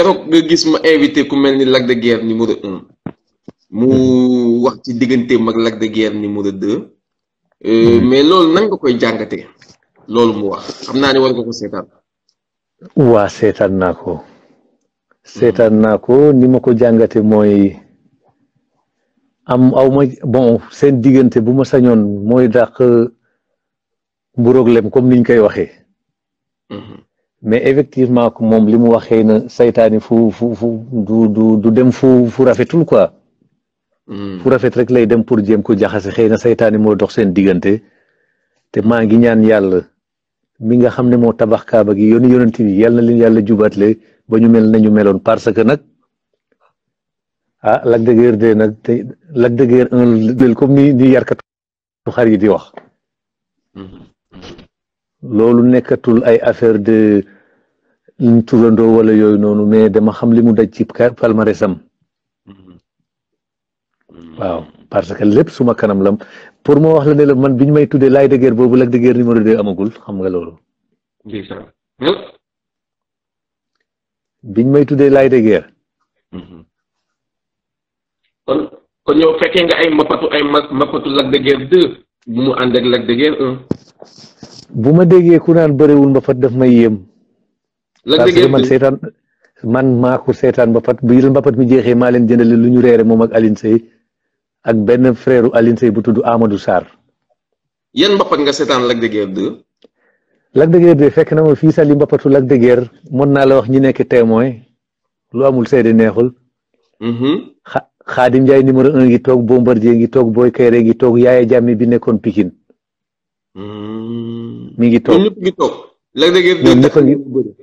keroog nga gis ma invité ku mel ni Lac de Guiers numéro mu wax ci digganteem ak Lac de Guiers numéro deux Euh, mhm. mais loolu nan nga koy jàngatee loolu mu wax xam naa ne war nga ko seetaan. waa seetaan naa ko. seetaan mhm. naa ko ni ma ko jàngate mooy am aw ma bon seen diggante bu ma sañoon mooy dàq mburoog lem comme niñ koy waxee. Mhm. mais effectivement moom li mu waxee na saytaani fu fu fu du du du dem fu fu rafetul quoi. Mm. fu rafet rek lay dem pour jéem ko jaxase xëy na saytaani moo dox seen diggante te maa ngi ñaan yàlla mi nga xam ne moo tabax kaaba gi yoonu yonent bi yàlla na leen yàlla jubaatle ba ñu mel nañu meloon parce que nag ah Lac de Guiers 2 nag te Lac de Guiers 1 comme ni ni yarkatu xar yi di wax mm-hmm. loolu nekkatul ay affaire de turandoo wala yooyu noonu mais dema xam li mu daj ci palmarèsam waaw mm. parce que lépp suma kanam la pour moo wax la ne la man biñ may tuddee lay de guerre boobu Lac de Guerre numéro deux amagul xam nga loolu. biñ may tuddee lay de guerre. Mm-hmm. kon bu ma déggee ku naan barewul mbapat daf may yéem. Lac de Guerre man seetaan man maa ko seetaan mbapat bi mbapat mi jeexee maa leen jëndale lu ñu reere moom ak Alioune Seye ak benn frère Alioune bu tudd Amadou Sarr. yan mbappat nga seetaan Lac de Guiers 2. Lac de Guiers 2 fekk na ma fii sax mbappatu Lac de mën naa la wax ñi nekk témoin lu amul seede neexul. Mm-hmm. xa Xaadim Njaay numéro un ngi toog Bombardier ngi toog boo Kayre ngi toog Yaaya Jàmme bi nekkoon Pikine. Mm-hmm. mi ngi toog ñëpp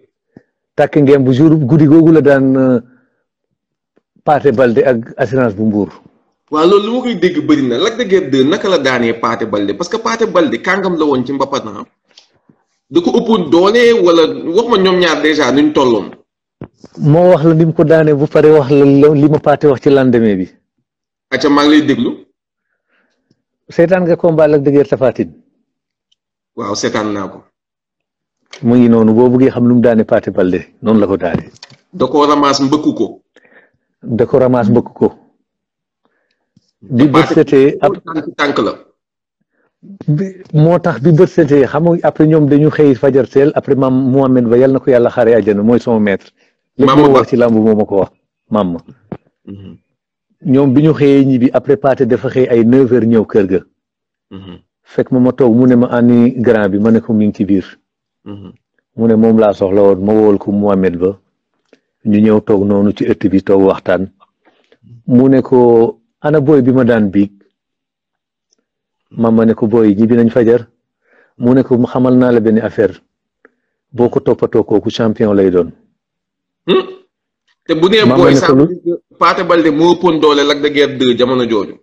takk ngi bu jur guddi googu la daan euh, paate balde ak assurance bu mbuur. waaw loolu lu ma koy dégg bëri na Lac de Guiers 2 naka la daanee Pathé Baldé parce que Pathé Baldé kàngam la woon ci mbapat na da ko ëppoon doole wala wax ma ñoom ñaar dèjà nuñ tolloon. moo wax la ni mu ko daanee bu pare wax la li paate wax ci lendemain bi. acca maa ngi lay déglu. seetaan nga combat Lac de Guiers Tapha waaw seetaan naa ko. mu ngi noonu boo bëggee xam lu mu daane Pathé Baldé noonu la ko daane. da ko ramaas mbëkku ko. da ko ramaas mbëkku ko. di bët setee tànk la moo tax bi bët setee xam nga après ñoom dañu xëy fajarteel après mam maam Mohamed ba yàlla na ko yàlla xaaree àjjana mooy sama maître lépp loo wax ci làmb moom ma ko wax maam ma mm-hmm. ñoom bi ñu xëyee ñibbi après pâté dafa xëy ay neuf ñëw kër ga mm-hmm. fekk ma ma toog mu ne ma ani grand bi ma ne ko mi ci biir mm-hmm. mu ne moom laa soxla woon ma wool ko Mohamed ba ñu ñëw toog noonu ci ëtt bi toog waxtaan mu ko ana booy bi ma daan biig mama ne ko booy ñibbi nañ fajar mu ne ko xamal naa la benn affaire boo ko toppatoo kooku champion lay doon. Hmm? te bu nee booy sax Paate Balde moo ëppoon doole Lac de Guiers 2 jamono jooju.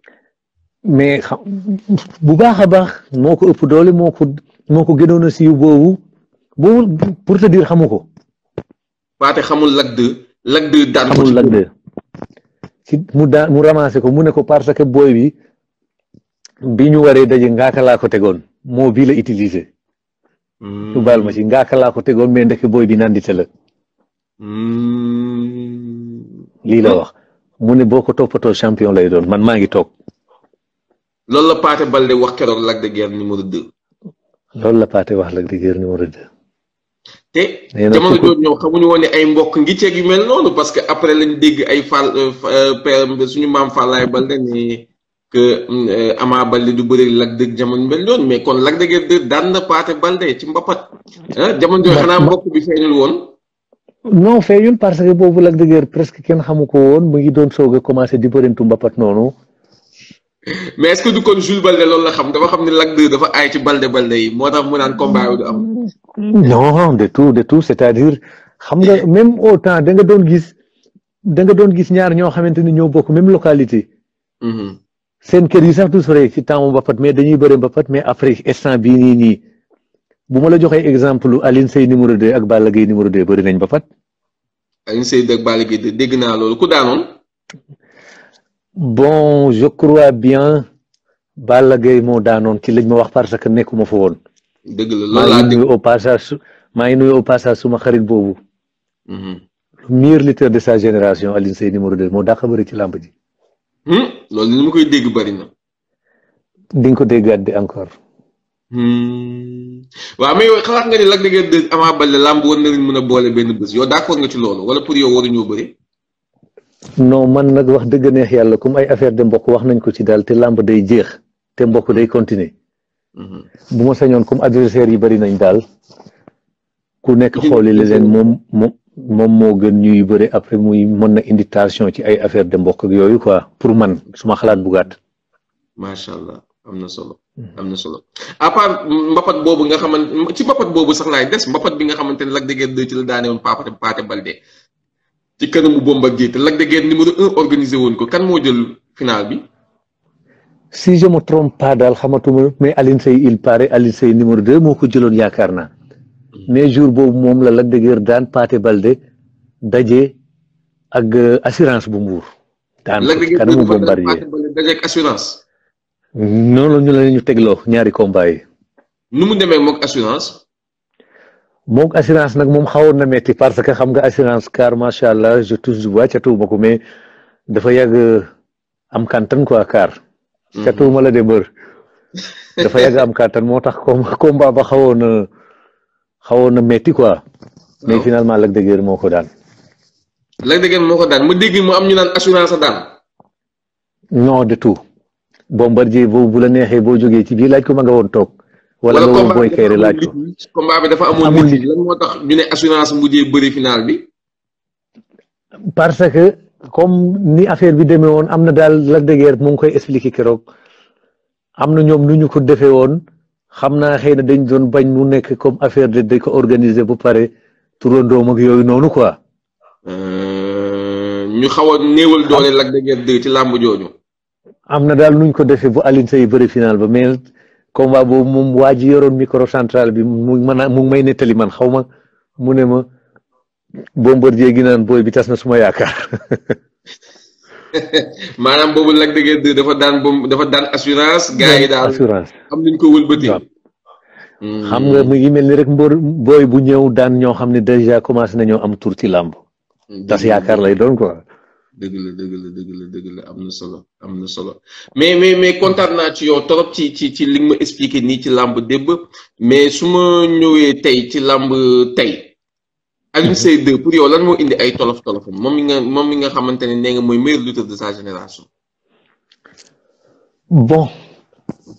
mais xam bu baax a baax moo ko ëpp doole moo ko moo ko gënoon a siiw boobu boobu pour te xamu ko. Paate xamul Lac 2. daan xamul Lac ci mu daan mu ramassé ko mu ne ko parce que booy bi bi ñu waree daje ngaaka laa ko tegoon moo bii la utilisé. su mm. baal ma ci ngaaka laa ko tegoon mais ndeke booy bi nandite la. Mm. lii la wax mu ne boo ko toppatoo champion lay doon man maa ngi toog. loolu la Pathé Baldé wax keroog Lac de Guiers numéro 2. loolu la Pathé wax Lac de Guiers te jamono jooju ñoom xamuñu woon ne ay mbokk ngi ceeg yu mel noonu parce que après lañ dégg ay Fall euh, euh, suñu maam Fallaye Balde ne que euh, Ama Balde du bëri Lac de jamono mel noonu mais kon Lac de Guiers daan na Paate Balde ci mbapat ah jamono jooju xanaa mbokk bi feeñul woon. non feeñul parce que boobu Lac de presque kenn xamu ko woon mu ngi doon soog a commencé di bërintu mbapat noonu. mais est-ce que du kon Jules Balde loolu la xam dafa xam ne Lac 2 dafa aay ci balde balde yi moo tax mu naan combat yu du am. non de tout de tout c'est-à-dire xam nga même au temps da nga doon gis da nga doon gis ñaar ñoo xamante ni ñoo bokk même localité. Mm-hmm. seen kër yi sax du sore ci temps mbapat mais dañuy bëre mbapat mais après instant bii nii nii bu ma la joxee exemple Alioune Seye numéro 2 ak Balla Gaye numéro 2 bëri nañ mbapat. Alioune Seye ak Balla Gaye dégg naa loolu ku daanoon. bon je crois bien Balla Gaye moo daanoon ci lañ ma wax parce que nekku ma fa woon. dëgg la maa ngi au passage maa ngi nuyu au suma xarit boobu. Mhm. meilleur lutteur de sa génération Alioune Seye numéro de moo dàq bëri ci làmb ji. Hmm? loolu ni ma koy dégg bari na. ko déggaat di encore. Hmm. waaw mais yow nga ni Lac de Guiers 2 Ama war na leen a boole benn yoo yow d'accord nga ci loolu wala pour yow waruñoo bëri. non man nag wax dëgg neex yàlla comme ay affaire de mbokk wax nañ ko ci daal te làmb day jeex te mbokk day continuer mm-hmm. bu ma sañoon comme adversaire yi bari nañ daal ku nekk xooli leen moom moom moo gën ñuy bari après muy mën na indi ci ay affaire de mbokk ak yooyu quoi pour man suma xalaat bu gàtt. allah am na solo. Mm-hmm. am na solo à mbapat boobu nga xamante ci mbapat boobu sax laay des mbapat bi nga xamante ne Lac de Guiers la daane Paate Balde ci kanamu Bombardier te Lac de Guiers numéro un organisé woon ko kan moo jël final bi. si je me daal xamatuma mais Alioune Seye il paraît Alioune Seye numéro deux moo ko jëloon yaakaar naa mais jour boobu moom la Lac daan Pathé Baldé daje ak euh, assurance bu mbuur daan kanamu Bombardier daje ak assurance. noonu la ñu la tegloo ñaari combat nu mu demee moog assurance. moom assurance nag moom xawoon na metti parce que xam nga assurance car macha allah je touche bois catuma ko mais dafa yàgg euh, am kantan quoi car. Mm-hmm. catuma la de bër dafa yàgg am kantan moo tax combat ba xawoon xawoon na metti quoi. mais oh. finalement lag de moo ko daan. Lac de Guiers moo ko daan mu dégg mu am ñu naan assurance a daan. non du tout. Bombardier boobu bu la neexe boo jógee ci biir laaj ko ma nga woon toog. wala nga woo Boy Kayré laaj ko combat bi dafa amoon nit ñi lan moo tax ñu ne assurance mujjee bëri final bi. parce que comme ni affaire bi demee woon am na daal Lac de Guiers koy expliqué keroog am na ñoom nu ñu ko defee woon xam naa xëy na dañ doon bañ mu nekk comme affaire de dañ ko organiser bu pare turandoom ak yooyu noonu quoi. Euh, ñu xaw am na daal nuñ ko defee bu Alioune Seye bëri ba mais comme combat boobu moom waa ji yoroon micro central bi mu mën a mu ngi may nettali man xaw ma mu ne ma Bombardier gi naan booy bi tas na suma yaakaar. maanaam boobu Lac de Guiers dafa daan dafa daan assurance. gaa yi daal assurance am nañu ko wëlbati. Hmm. xam nga mu ngi mel ni rek mbër booy bu ñëw daan ñoo xam ne déjà commencé nañoo am tur ci làmb. Hmm. tas yaakaar lay doon quoi. dëgg la dëgg la dëgg la dëgg la am na solo am na solo mais mais mais kontaan naa ci yow torop ci ci ci li nga ma expliqué nii ci làmb débb mais su ma ñëwee tey ci làmb tey Alioune Seye 2 pour yow lan moo indi ay tolof tolofam moom i nga moom mi nga xamante ne nee nga mooy meilleur lutteur de sa génération. bon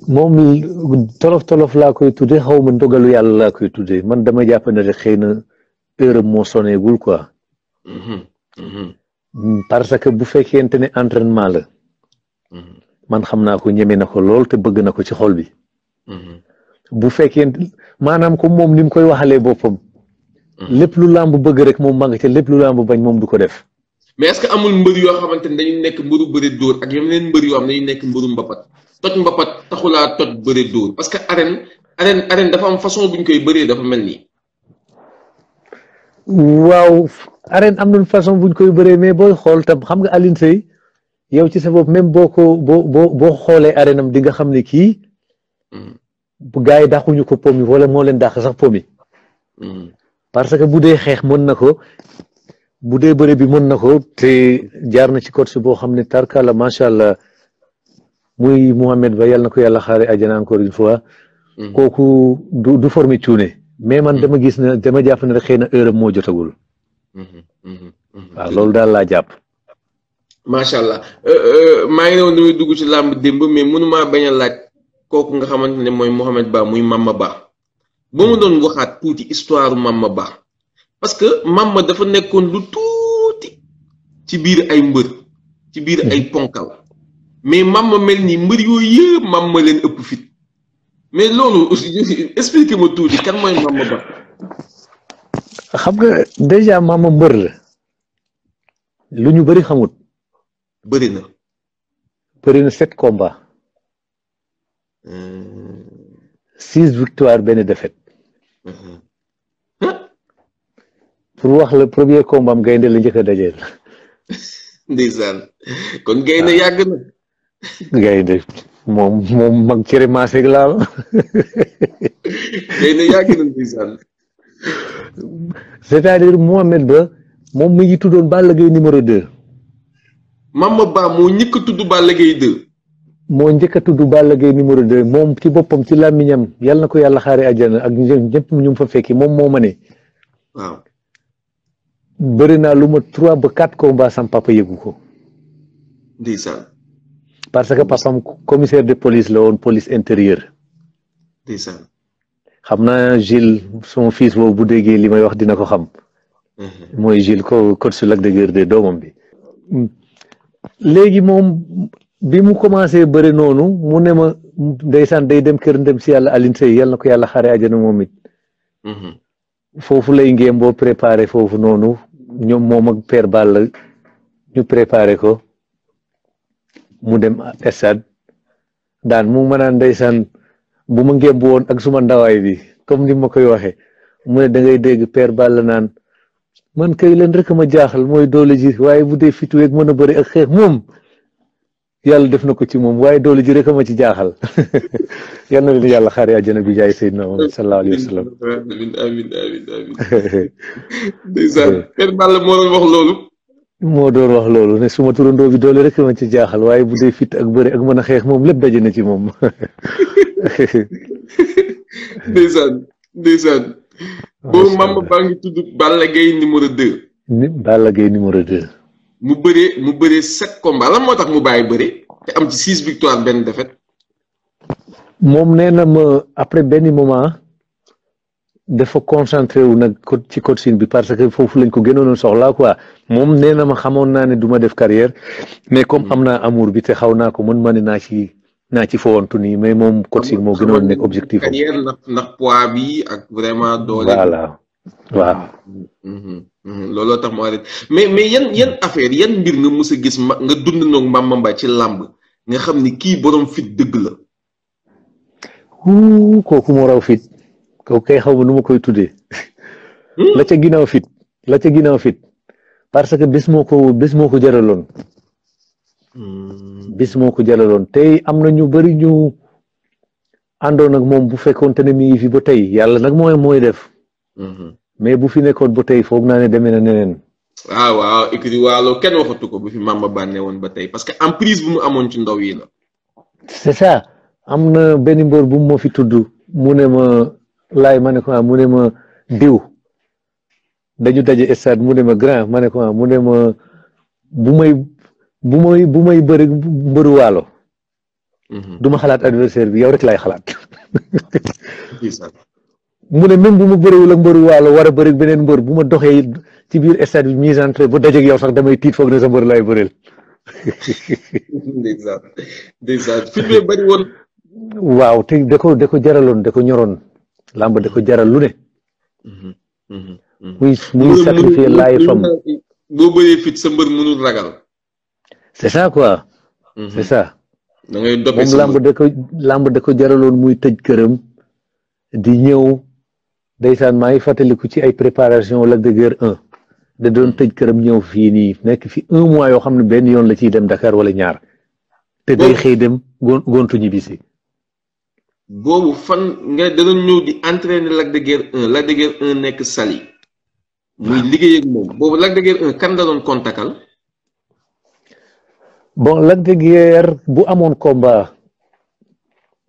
moom tolof tolof laa koy tuddee xaw ma ndogalu yàlla laa koy tuddee man dama jàpp ne rek xëy na heure moo sonneegul quoi. Mhm, mhm. Mm, parce que bu fekkente ne entrainement la mhm. man xam naa ko ñeme na ko lool te bëgg na ko ci xol bi mhm. bu fekkente maanaam ko moom ni mu koy waxalee boppam mhm. lépp lu làmb bëgg rek moom ma nga ca lépp lu làmb bañ moom du ko def mais est-ce que amul mbër yoo xamante ne dañu nekk mbëru bëri dóor ak yeneen mbër yoo xam ne dañu nekk mbëru mbapat toj mbapat taxulaa toj bëri dóor parce que arène arène arène dafa am façon bu ñu koy bëree dafa mel nii waaw arène am na façon buñ koy bëree mais booy xool tam xam nga alin Seye yow ci sa bopp même boo ko boo boo boo xoolee arène am di nga xam ne kii mm. gars yi dàquñu ko pomi wala moo leen dàq sax pomi mm. parce que bu dee xeex mën na ko bu dee bëre bi mën na ko te jaar na ci coach boo xam ne tarkala macha allah muy Mouhamed ba yàlla na ko yàlla xaare àjjana encore une fois mm. kooku du du former cuune mais man dama gis ne dama jàpp na rek xëy na heure moo jotagul. Mm-hmm, mm-hmm, mm-hmm. waaw loolu daal laa jàpp. macha allah euh, euh, maa ngi ne woon damay dugg ci làmb démb mais mënumaa bañ a laaj kooku nga xamante ne mooy Mouhamed Ba muy Mama Ba ba mu doon waxaat tuuti histoire Mama Ba parce que Mama dafa nekkoon lu tuuti ci biir ay mbër ci biir ay ponkal mais Mama mel ni mbër yooyu yëpp Mama leen ëpp fit mais loolu explique ma tuuti kan mooy Mama Ba. xam nga déjà Mama mbër la lu ñu bëri xamut. bëri na. bëri na sept combats. Hmm. six benn défaite. Hmm. pour wax la premier combat am gaynde la njëkk a dajeel. ndeysaan kon gaynde ah. yàgg na. gaynde. moom moom mag cere maase ak laal. léegi nag yàgg nañ ndeysaan. c'est-à-dire Mohamed Ba moom mu ngi tuddoon Balla Gaye numéro 2. ma Ba moo njëkk a tudd Balla gay 2. moo njëkk a tudd Balla Gaye numéro 2 moom ci boppam ci làmmiñam yal na ko yàlla xaaree àjjana ak ñëpp ñu mu fa fekki moom moo ma ne. waaw. bëri naa lu ma trois ba quatre combats sam papa yëgu ko. parce que parce que commissaire de police la woon police intérieure. xam naa Gilles son fils boobu bu déggee li may wax dina ko xam. Mhm. mooy Gilles ko code su de Guiers de doomam bi. léegi moom bi mu commencé bëre noonu mu ne ma ndeysaan day dem kër ndem si yàlla Alioune Seye na ko yàlla xaaree àjjana moom it. Mhm. foofu lay ngéem boo préparé foofu noonu ñoom moom ak père Ball ñu préparé ko. mu dem stade daan mu ma naan ndeysaan bu ma ngémb woon ak suma ndawaay bi comme ni ma koy waxee mu ne da ngay dégg père Balla naan man kay leen rek ma jaaxal mooy doole ji waaye bu dee fitu mën a bëri ak xeex moom yàlla def na ko ci moom waaye doole ji rek ma ci jaaxal yal na leen yàlla xaar àjjana bi jaay Seydina Muhammad sallallahu alayhi wa sallam amin amin moo doon wax loolu moo doon wax loolu ne suma turandoo bi doole rek ma ci jaaxal waaye bu dee fit ak bëri ak mën a xeex moom lépp daje na ci moom. ndeysaan ndeysaan. boobu Mamba baa ngi tudd Balla Gaye numéro 2. ni Balla Gaye numéro 2. mu bëree mu bëree sept combats lan moo tax mu bàyyi bëri te am ci six victoire benn défaite. moom nee ma après benn moment. dafa concentré wu nag ci coaching bi parce que foofu lañ ko gënoon a soxlaa quoi moom nee na ma xamoon naa ne du def carrière mais comme am naa amour bi te xaw naa ko man mani naa ci naa ci fawantu nii mais moom coaching moo gënoon nekk objectif carrière ndax ndax vraiment doole voilà mm-hmm. Mm-hmm. Mm-hmm. looloo tax moo mais mais yan yan affaire yan mbir nga mos gis ma nga dund noog Mbamba mba ci làmb nga xam ni kii boroom fit dëgg la kooku moo raw fit kaw kay xaw ma nu ma koy tuddee. Hmm? la ca ginnaaw fit la ca ginnaaw fit parce que bis moo ko bis moo ko jaraloon. Hmm. bis moo ko jaraloon te am na ñu bari ñu àndoon ak moom bu fekkoonte ne mi ngi fi ba tey yàlla nag mooy mooy def. Hmm. mais bu fi nekkoon ba tey foog naa ne demee na neneen. Ah, waaw waaw écrit waalo kenn waxatu ko bu fi Mamba Ba ne woon ba tey parce que emprise bu mu amoon ci ndaw yi la. c'est ça am na benn bu ma fi tudd mu ne ma. laay ma ne ko ah, mu ne ma diw dañu daje stade mu ne ma grand ma ne ko ah, mu ne ma bu may bu may bu may bëri mbëru waalo mhm. duma ma xalaat adversaire bi yow rek laay xalaat mu ne même bu ma bëriwul ak mbëru waalo wara a beneen mbër bu ma doxee ci biir stade bi mise entrée bu dajeeg yow sax damay tiit foog ne sa mbër laay bëreel ndeysaan ndeysaan waaw te da ko da ko jaraloon da ko ñoroon làmb de ko jaral lu ne. Mhm, mhm, mhm. muy muy sacrifier laay fam. boo bëree fit sa mbër mënul ragal. c'est ça quoi. c'est ça. da làmb da ko làmb da ko jaraloon muy tëj këram. di ñëw ndeysaan maa ngi fàttaliku ci ay préparation la dëgër da doon tëj këram ñëw fii nii nekk fi un mois yoo xam ne benn yoon la ciy dem Dakar wala ñaar. te day xëy dem gontu ñibbisi. boobu fan nga da ñëw di entraîner Lac de Guiers nekk Saly. muy liggéey ak moom boobu Lac kan la doon kontakal. bon Lac bu amoon combat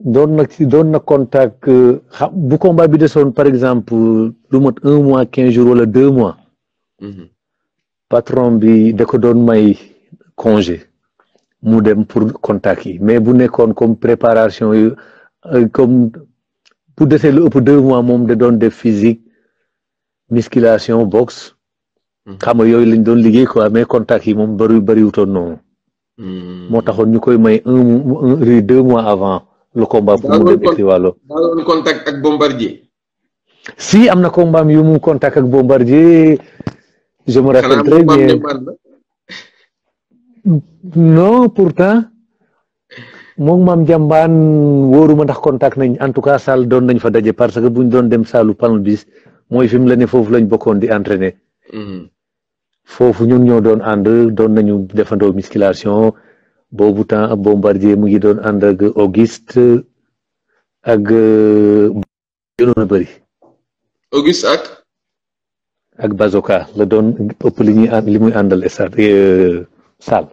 doon na ci doon contact euh, bu combat bi desoon par exemple lu mot un mois quinze jours wala deux mois. Mhm. patron bi da ko doon may congé mu dem pour contact yi mais bu nekkoon comme préparation Euh, comme bu desee lu ëpp deux mois moom da doon def physique musculation boxe. Mm-hmm. xam nga yooyu lañ doon liggéey quoi mais contact yi moom bëri bëriwutoon noonu. Mm-hmm. moo taxoon ñu koy may un un deux mois avant. le combat pour mu dem écrivaalo. si am na combat yu mu contact ak Bombardier. je me rappelle très bien non pourtant. moom maam jàmbaan wóoruma ndax contact nañ en tout cas Saal doon nañ fa daje parce que buñ doon dem Saalu panel bis mooy fi mu la ne foofu lañ bokkoon di entraîner. Mm-hmm. foofu ñun ñoo doon ànd doon nañu defandoo musculation boobu temps ab bombardier mu ngi doon ànd ak Auguste ak euh, gënoon a bëri. ak. ak la doon ëpp li ñuy li muy àndal stade euh, Saal.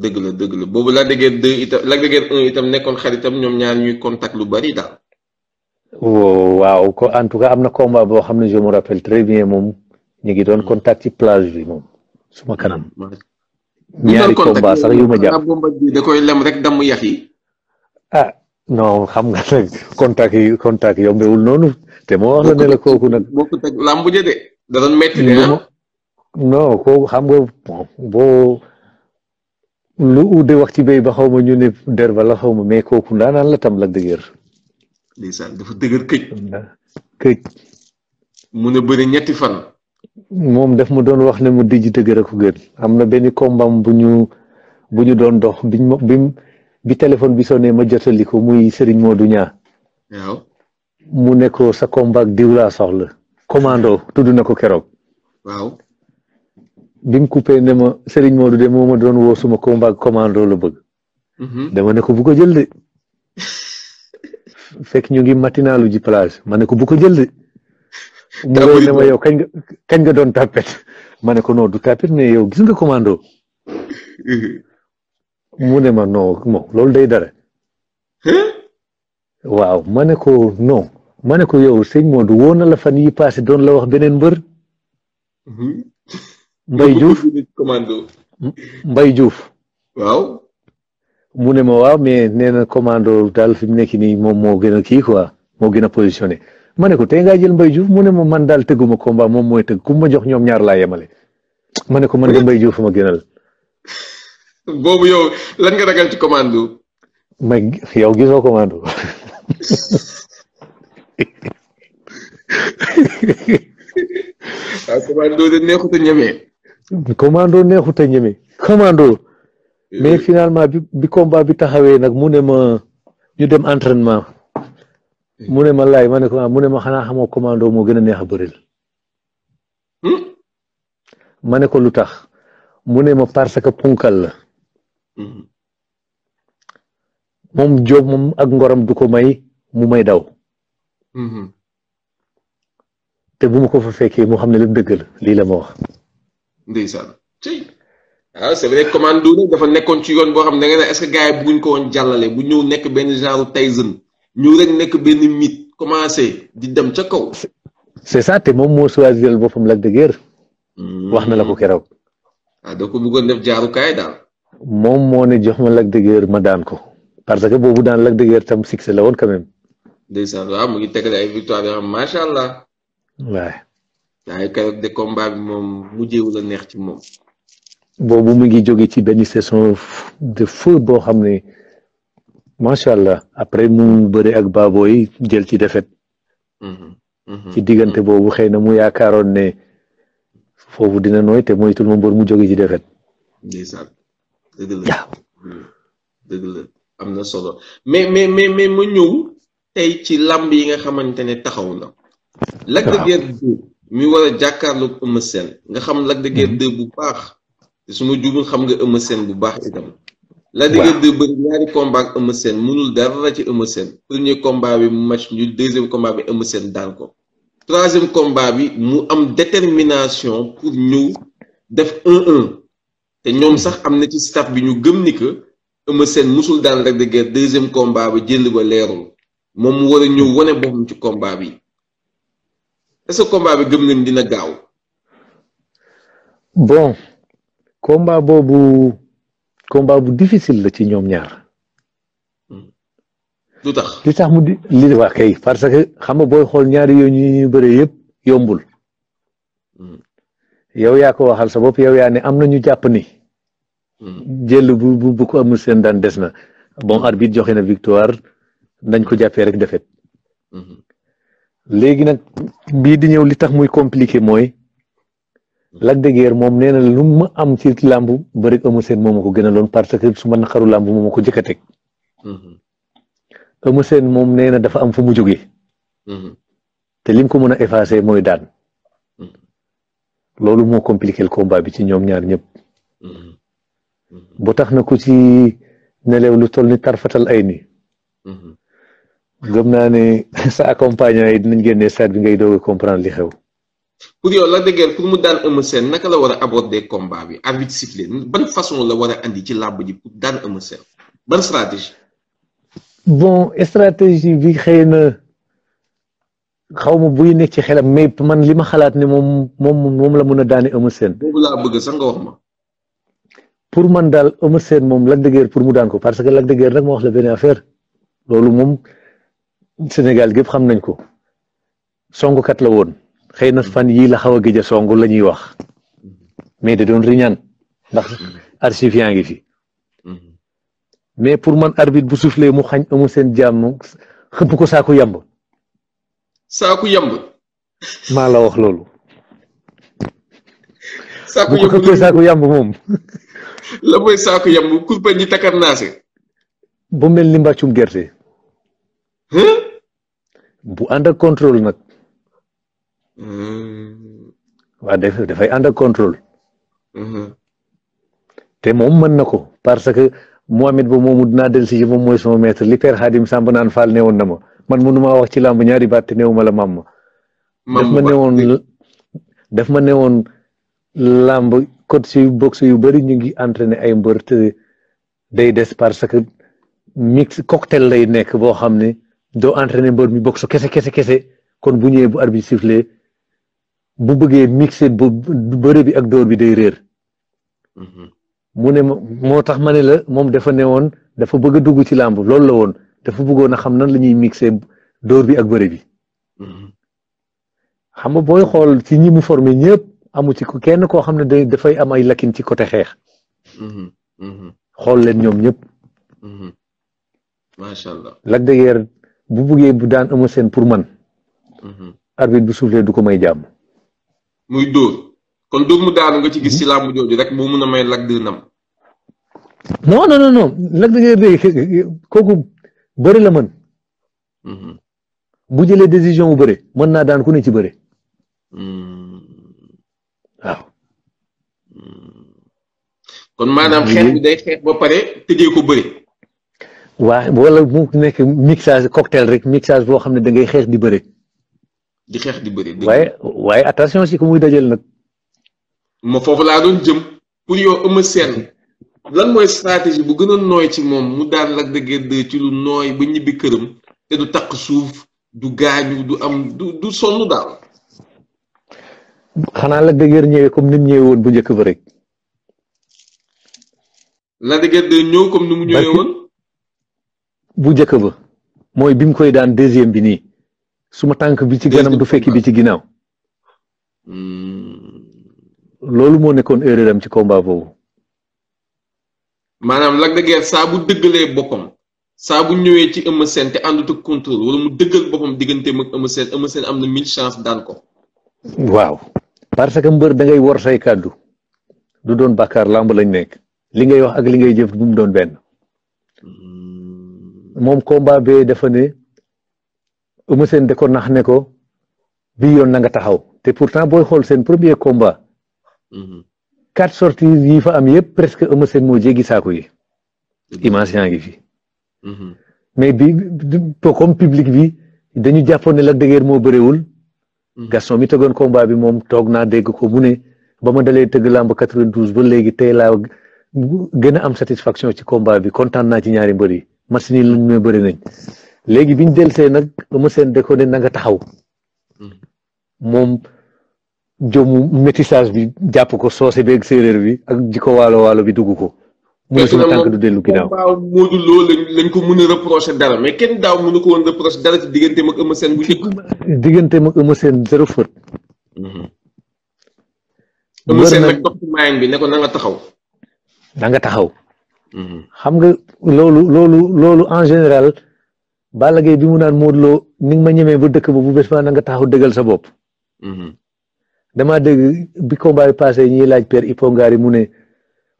dëgg la dëgg la boobu Lac de Guiers 2 itam Lac de Guiers 1 itam nekkoon xaritam ñoom ñaar ñuy contact lu bari daal. waaw ko en tout cas am na combat boo xam ne je me rappelle très bien moom ñu ngi doon contact ci plage bi moom suma kanam. Mm, ñaari combat sax yu ma jàpp da koy lem rek damm yax yi. ah non xam nga nag contact yi contact yombewul noonu te moo wax ne la kooku nag. boo ko de da doon metti de ah. non kooku xam nga bon lu uude wax ci béy ba xaw ma ñu ne derba la xaw ma mais kooku ndaanaan la tam la dëgër. ndeysaan dafa dëgër këj. mu ne bëri ñetti fan. moom daf mu doon wax ne mu dijj dëgër ko gën am na benn kombam bu ñu bu ñu doon dox biñ ma bi bi téléphone bi sonné ma jotali ko muy Serigne Modou Niang. waaw. mu ne sa kombaak diw laa soxla. commando tudd na ko keroog. waaw. bi mu coupé ne ma Serigne Modou de moo ma doon woo suma combat commando la bëgg. Mhm. dama ne ko bu ko jël de. fekk ñu ngi matinalu ji plage ma ne ko bu ko jël de. mu ne ma yow kañ nga doon tapet ma ne ko non du tapet yow gis nga commando. mu loolu day dara. waaw ma ne ko non ma ne ko yow sëñ moo woo na la fan yi passé doon la wax beneen mbër. Mhm. mbay Diouf commando waaw mu ne ma waaw mais nee na commando daal fi mu nekk nii moom moo gën a kii quoi moo gën a positionné ma ne ko tey ngaa jël Mbaye Diouf mu ne ma man daal tëgguma combat moom mooy tëgg ku ma jox ñoom ñaar laa yemale ma ne ko man de Mbaye Diouf ma gënal boobu yow lan nga ragal ci commando yow gisoo commando ah, commando de neexut a commando neexut te ñeme commando mais finalement bi bi combat bi taxawee nag mu ne ma ñu dem entraînement mu ne ma laay ma ne ko ah, mu ne ma xanaa xamoo commando moo gën a neex a bëril hmm? ma ne ko lu tax mu ne ma parce que punkal la hmm. moom Jóob moom ak ngorom du ko may mu may daw hmm. te bu ma ko fa fekkee moo xam ne lépp dëgg la lii la ma wax ndeysaan ci ah c'est vrai commando dafa nekkoon ci yoon boo xam ne da nga ne est-ce que gars yi woon bu ñëw nekk benn genre Tyson ñëw rek nekk benn mythe commencé di dem ca kaw. c'est ça moom moo choisir boppam Lac de Guiers. Hmm. wax na la ko keroog. ah da ko bëggoon def jaarukaay moom moo ne jox ma Lac de Guiers ma daan ko parce que boobu daan Lac de Guiers tam succès la woon quand de ndeysaan waaw mu ngi tegle ay victoire yoo xam allah. waaw. waaye keroog de combat bi moom mujjeewu la neex ci moom. mu ngi jóge ci benn saison de boo xam ne macha allah après mu bëri ak baabooy jël ci defet mhm, mhm, ci diggante mhm. boobu xëy na mu yaakaaroon ne foofu dina nooy te moytul ma mu jóge ci defet ndeysaan hmm, na solo mais mais mais mais ma ñëw tey ci làmb yi nga xamante ne taxaw na. waaw Lac de Guiers mi war a jàkkaarloog Eumeu nga xam Lac de Guiers 2 mhm. bu baax te su ma jubul xam nga Eumeu seen bu baax itam. Lac de Guiers 2 bëri ñaari combat ak Eumeu Sène mënul dara ci Eumeu Sène premier combat bi mu match ñu deuxième combat bi Eumeu Sène daan ko troisième combat bi mu am détermination pour ñëw def 1-1 te ñoom sax am na ci staff bi ñu gëm ni que Eumeu seen mosul daan Lac de Guiers deuxième combat bi jënd ba leerul moom mu war ñëw wane boppam ci combat bi. est-ce que combat bi dina gaaw. bon combat boobu combat bu difficile la ci ñoom ñaar. Hmm. lu tax li tax mu di li waa kay parce que xam nga booy xool ñaari yooyu ñu ñuy yépp yombul. Hmm. yow yaa ko waxal sa bopp yow yaa ne am na ñu jàpp ni. Hmm. jël bu bu bu ko amul seen daan des na bon arbitre joxe na victoire dañ ko jàppee rek defet léegi nag bii di ñëw li tax muy compliqué mooy Lac de moom nee na lu ma am ci làmb bëri Eumeu Sène moom ma ko gënaloon parce que su ma naqaru làmb moom ko jëkk a mm-hmm. moom nee na dafa am fu mu jógee mm-hmm. te lim ko mën a effacé mooy daan mm-hmm. loolu moo compliqué ko combat bi ci ñoom ñaar ñëpp bu tax na ku ci nelew lu toll ni tarfatal ay ni gëm naa ne sa accompagnant yi dinañ génne stade bi ngay doog a comprendre li xew. pour yow Lac de Guiers pour mu daan Eumeu Sène naka la war a aborder combat bi arbitre sifflé ban façon la war a andi ci làmb ji pour daan Eumeu Sène ban stratégie. bi xëy na xaw ma buy nekk ci xelam mais man li ma xalaat ne moom moom moom la mën a daane Eumeu Sène. boobu laa bëgg sax nga wax ma. pour man daal Eumeu Sène moom Lac de Guiers pour mu daan ko parce que Lac de Guiers nag moo wax la benn affaire loolu moom. Sénégal gépp xam nañ ko kat la woon xëy na fan yii la xaw a géej a song la ñuy wax mais da doon riñaan ndax archive yaa ngi fi mais pour man arbitre bu soufflé mu xañ amul seen jàmm xëpp ko saaku yàmb. saaku yàmb. maa la wax loolu. saaku yàmb bu ko xëppee saaku yàmb moom. la mooy saaku yàmb kurpeñ ñi takar naase. mel ni mbàccum gerte. bu ànd ak contrôle nag. Mm-hmm. waa dafay ànd ak contrôle. Mm-hmm. te moom mën na ko parce que Mohamed ba moomu dinaa dellu si moom mooy sama maître li Père Khadim Samb naan ne woon na ma man mënumaa wax ci làmb ñaari baat te néew ma la maam ma. daf ma newoon daf ma newoon làmb coach si boxe yu bëri ñu ngi entraîné ay mbër day des parce que mix cocktail lay nekk boo xam ne. doo ne mbër mi boxe kese kese kese kon bu ñëwee bu arbitre sifflé bu bëggee mixé ba bëre bi ak dóor bi day réer. Mhm. mu ne moo tax ma ne la moom dafa ne woon dafa bëgg a dugg ci làmb loolu la woon dafa bëggoon a xam nan la ñuy mixé dóor bi ak bëre bi. Mhm. xam nga booy xool ci ñimu mu formé ñëpp amu ci ko kenn koo xam ne dafay am ay lakin ci côté xeex. Mhm. xool leen ñoom ñëpp. macha allah Lac bu buggee bu daan Eumeu Sène pour man. Mhm. arbitre bu soufflé du ko may jàmm. muy dóor kon dóor mu daanu nga ci gis ci làmb jooju rek moo mun a may Lac de nam. non non non non Lac de Guiers kooku bëri la mën. Mhm. bu jëlee décision bu bëri mën naa daan ku ne ci bëri. Mhm. waaw. kon maanaam xeex bi day xeex ba pare tëjee ko bëri. waa wala mu nekk mixage cocktail rek mixage boo xam ne da ngay xeex di bëre. di xeex di bëre. waaye waaye attention si ko muy dajal nag. ma foofu laa doon jëm. pour yow Eumeu Sène lan mooy stratégie bu gën a nooy ci moom mu daan Lac de Guiers ci lu nooy ba ñibbi këram te du takk suuf du gaañu du am du sonn daal. xanaa lag de Guiers ñëwee comme ni ñëwee woon bu njëkk ba rek. Lac de Guiers ñëw comme ni mu ñëwee woon. bu njëkk ba mooy bi mu koy daan deuxième bi nii suma tànk bi ci ganam du fekki bi ci ginnaaw hmm. loolu moo nekkoon erreur am ci combat boobu. maanaam Lac de Guiers saa bu dëggalee boppam saa bu ñëwee ci Eumeu Sène te àndut ak contrôle wala mu dëggal boppam digganteem ak Eumeu Sène am na mille chance daan ko. waaw parce que mbër da ngay war say kàddu du doon bàkkaar làmb lañ nekk li ngay wax ak li ngay jëf bu mu doon benn. moom combat bee dafa ne Eumeu Sène da ko nax ne ko bi yoon na nga taxaw te pourtant booy xool seen premier combat. Mhm. quatre sorties yi fa am yëpp presque Eumeu seen moo jéggi saako yi. Mhm. image yaa ngi fi. Mhm. mais bi comme public bi dañu jàppoon ne la de moo bëriwul. Gaston mi tegoon combat bi moom toog naa dégg ko mu ne ba ma dalee tëgg làmb 92 ba léegi tey laa gën a am satisfaction ci combat bi kontaan naa ci ñaari mbër yi. machine yi luñ may bëri nañ léegi biñ delsee nag ama seen de ko ne na nga taxaw hmm. moom jomu métissage bi jàpp ko soose beeg séeréer bi ak jiko waalo waalo bi dugg ko mu ne suma tànk du dellu ginnaaw waaw Modou Lo ko mais kenn daaw mënu ko woon reproché dara ci digganteem ak Eumeu Sène bu njëkk digganteem zéro faute hmm. Eumeu Sène nag topp mayen bi ne ko taxaw na taxaw Mhm. xam nga loolu loolu loolu en général Balla Gaye bi mu naan Modou Lo ni nga ma ñemee ba dëkk ba bu bes ba na nga taxaw dëggal sa bopp. Mhm. damaa dégg bi combat bi passé ñiy laaj per Ipongaar yi mu ne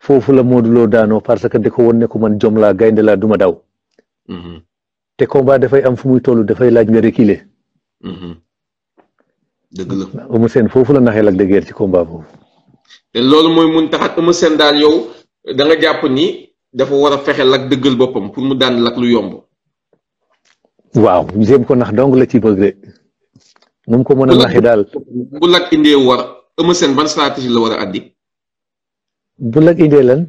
foofu la Modou daanoo parce que di ko woon ne ko man jom laa gaynde laa duma daw. Mhm. te combat dafay am fu muy toll dafay laaj nga reculer. dëgg la Eumeu foofu la naxee Lac de ci combat boobu. te loolu mooy mun taxat Eumeu Sène daal yow da jàpp ni. dafa war a fexe lak dëggal boppam pour mu daan lak lu yomb. waaw jéem ko nax dong la ci bëgg de. nu mu ko mën a naxee daal bu lak indee war Eumeu Sène ban stratégie la war a addi. bu lak indee lan.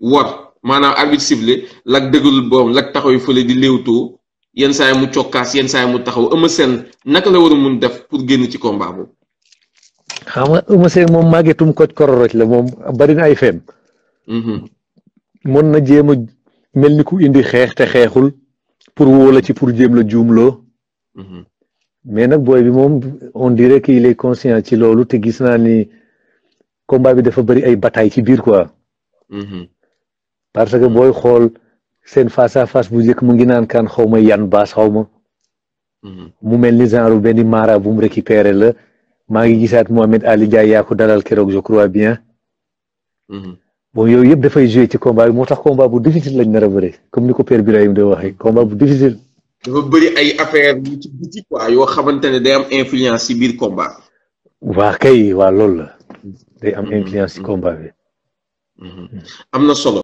war maanaam arbitre sifflé lak dëggal boppam lak taxaw yi fële di léewtoo yenn saa mu cokkaas yenn saa mu taxaw Eumeu Sène naka la war a mun def pour génn ci combat boobu. xam nga Eumeu moom màggetum koj kororoj la moom bari na ay feem. Mhm. mën na jéem a mel ni ku indi xeex te xeexul pour wóola ci pour jéem la juumloo mm-hmm. mais nag booy bi moom on dirait qu'il est conscient ci loolu te gis naa ni combat bi dafa bëri ay bataay ci biir quoi mm-hmm. parce que booy xool seen face à face bu njëkk mu ngi naan kaan xaw ma yan baas xaw ma mm-hmm. mu mel ni genre benn mara bu mu récupéré la maa ngi gisaat Mohamed Ali Dia yaa ko dalal keroog je crois bien boo yooyu yëpp dafay joué ci combat bi moo tax combat bu difficile lañ nar a bëre comme ni ko père Birahim de waxee combat bu difficile. dafa bëri ay affaire yu ci biti quoi xamante ne day am influence ci biir combat. waa kay waa loolu la. day am mm-hmm. influence ci combat bi. Mm-hmm. Mm-hmm. am na solo.